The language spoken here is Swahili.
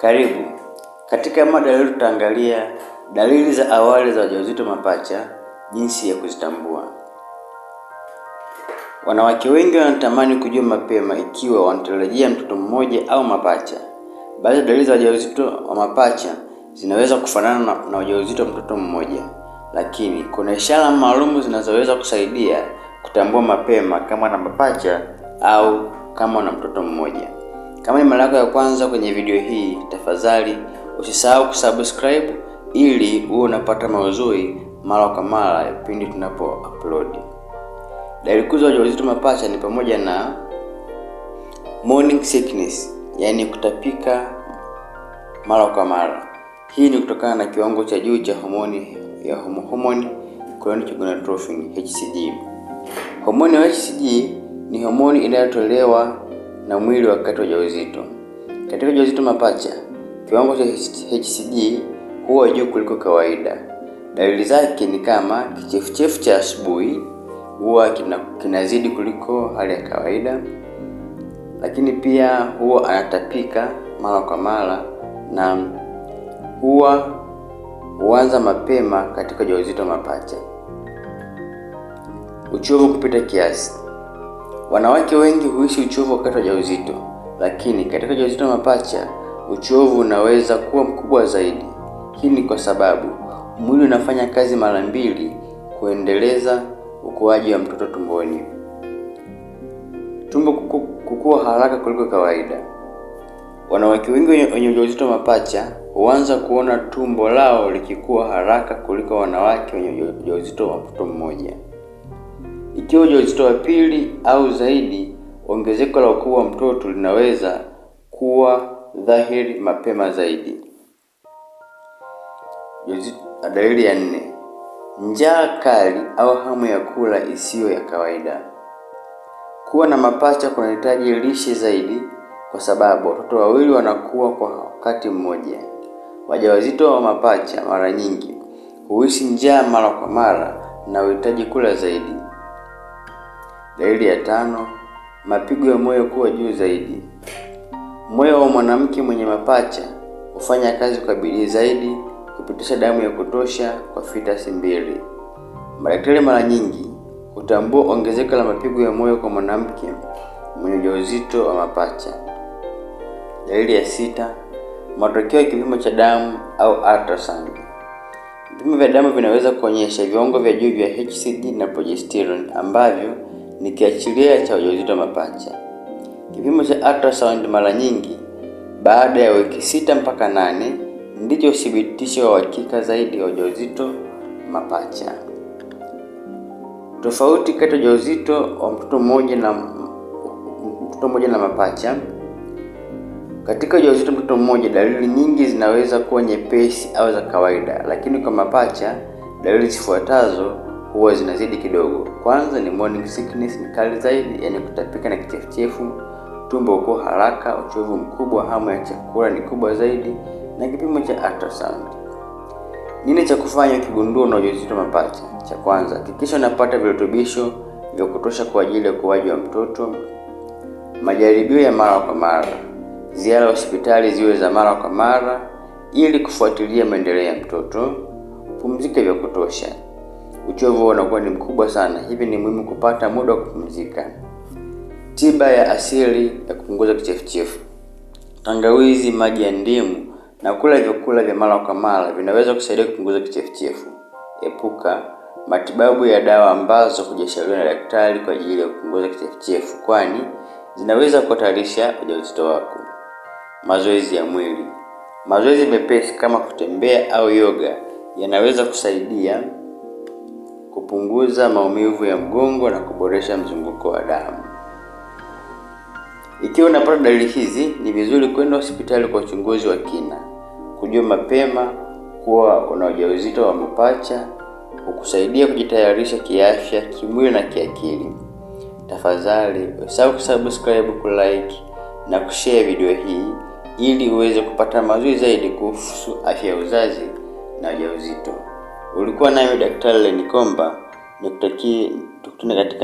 Karibu. Katika mada leo tutaangalia dalili za awali za ujauzito mapacha, jinsi ya kuzitambua. Wanawake wengi wanatamani kujua mapema ikiwa wanatarajia mtoto mmoja au mapacha. Baadhi ya dalili za ujauzito wa mapacha zinaweza kufanana na, na ujauzito wa mtoto mmoja, lakini kuna ishara maalumu zinazoweza kusaidia kutambua mapema kama na mapacha au kama na mtoto mmoja. Kama ni mara yako ya kwanza kwenye video hii, tafadhali usisahau kusubscribe ili uwe unapata mauzui mara kwa mara pindi tunapo upload. Dalili kuu za ujauzito mapacha ni pamoja na morning sickness, yaani kutapika mara kwa mara. Hii ni kutokana na kiwango cha juu cha homoni ya homoni chorionic gonadotropin HCG. Homoni ya HCG ni homoni inayotolewa na mwili wakati wa ujauzito. Katika ujauzito mapacha, kiwango cha HCG huwa juu kuliko kawaida. Dalili zake ni kama kichefuchefu cha asubuhi huwa kinazidi kuliko hali ya kawaida, lakini pia huwa anatapika mara kwa mara na huwa huanza mapema katika ujauzito mapacha. Uchovu kupita kiasi. Wanawake wengi huishi uchovu wakati wa ujauzito, lakini katika ujauzito wa mapacha uchovu unaweza kuwa mkubwa zaidi. Hii ni kwa sababu mwili unafanya kazi mara mbili kuendeleza ukuaji wa mtoto tumboni. Tumbo kuku, kukua haraka kuliko kawaida. Wanawake wengi wenye ujauzito mapacha huanza kuona tumbo lao likikua haraka kuliko wanawake wenye ujauzito wa mtoto mmoja. Ikiwa ujauzito wa pili au zaidi, ongezeko la ukubwa wa mtoto linaweza kuwa dhahiri mapema zaidi. Dalili ya nne: njaa kali au hamu ya kula isiyo ya kawaida. Kuwa na mapacha kunahitaji lishe zaidi, kwa sababu watoto wawili wanakuwa kwa wakati mmoja. Wajawazito wa mapacha mara nyingi huishi njaa mara kwa mara na uhitaji kula zaidi. Dalili ya tano, mapigo ya moyo kuwa juu zaidi. Moyo wa mwanamke mwenye mapacha hufanya kazi kwa bidii zaidi kupitisha damu ya kutosha kwa fitasi mbili. Madaktari mara nyingi hutambua ongezeko la mapigo ya moyo kwa mwanamke mwenye ujauzito wa mapacha. Dalili ya sita, matokeo ya kipimo cha damu au ultrasound. Vipimo vya damu vinaweza kuonyesha viwango vya juu vya HCG na progesterone ambavyo ni kiashiria cha ujauzito mapacha. Kipimo cha ultrasound mara nyingi baada ya wiki sita mpaka nane ndicho thibitisho wa uhakika zaidi wa ujauzito mapacha. Tofauti kati ya ujauzito wa mtoto mmoja na mtoto mmoja na mapacha. Katika ujauzito mtoto mmoja, dalili nyingi zinaweza kuwa nyepesi au za kawaida, lakini kwa mapacha dalili zifuatazo huwa zinazidi kidogo. Kwanza ni morning sickness, ni kali zaidi, yani kutapika na kichefuchefu, tumbo huko haraka, uchovu mkubwa, hamu ya chakula ni kubwa zaidi, na kipimo cha ultrasound. Nini cha kufanya ukigundua una ujauzito mapacha? Cha kwanza, hakikisha unapata virutubisho vya kutosha kwa ajili ya ukuaji wa mtoto. Majaribio ya mara kwa mara, ziara hospitali ziwe za mara kwa mara ili kufuatilia maendeleo ya mtoto. Pumzike vya kutosha uchovu unakuwa ni mkubwa sana, hivi ni muhimu kupata muda wa kupumzika. Tiba ya asili ya kupunguza kichefuchefu: tangawizi, maji ya ndimu na kula vyakula vya mara kwa mara vinaweza kusaidia kupunguza kichefuchefu. Epuka matibabu ya dawa ambazo hujashauriwa na daktari kwa ajili ya kupunguza kichefuchefu, kwani zinaweza kuhatarisha ujauzito wako. Mazoezi ya mwili: mazoezi mepesi kama kutembea au yoga yanaweza kusaidia kupunguza maumivu ya mgongo na kuboresha mzunguko wa damu. Ikiwa unapata dalili hizi, ni vizuri kwenda hospitali kwa uchunguzi wa kina, kujua mapema kuwa una ujauzito wa mapacha kukusaidia kujitayarisha kiafya, kimwili na kiakili. Tafadhali usahau kusubscribe, kulike na kushare video hii ili uweze kupata mazuri zaidi kuhusu afya ya uzazi na ujauzito. Ulikuwa nami Daktari Lenikomba, nikutakie tukutane katika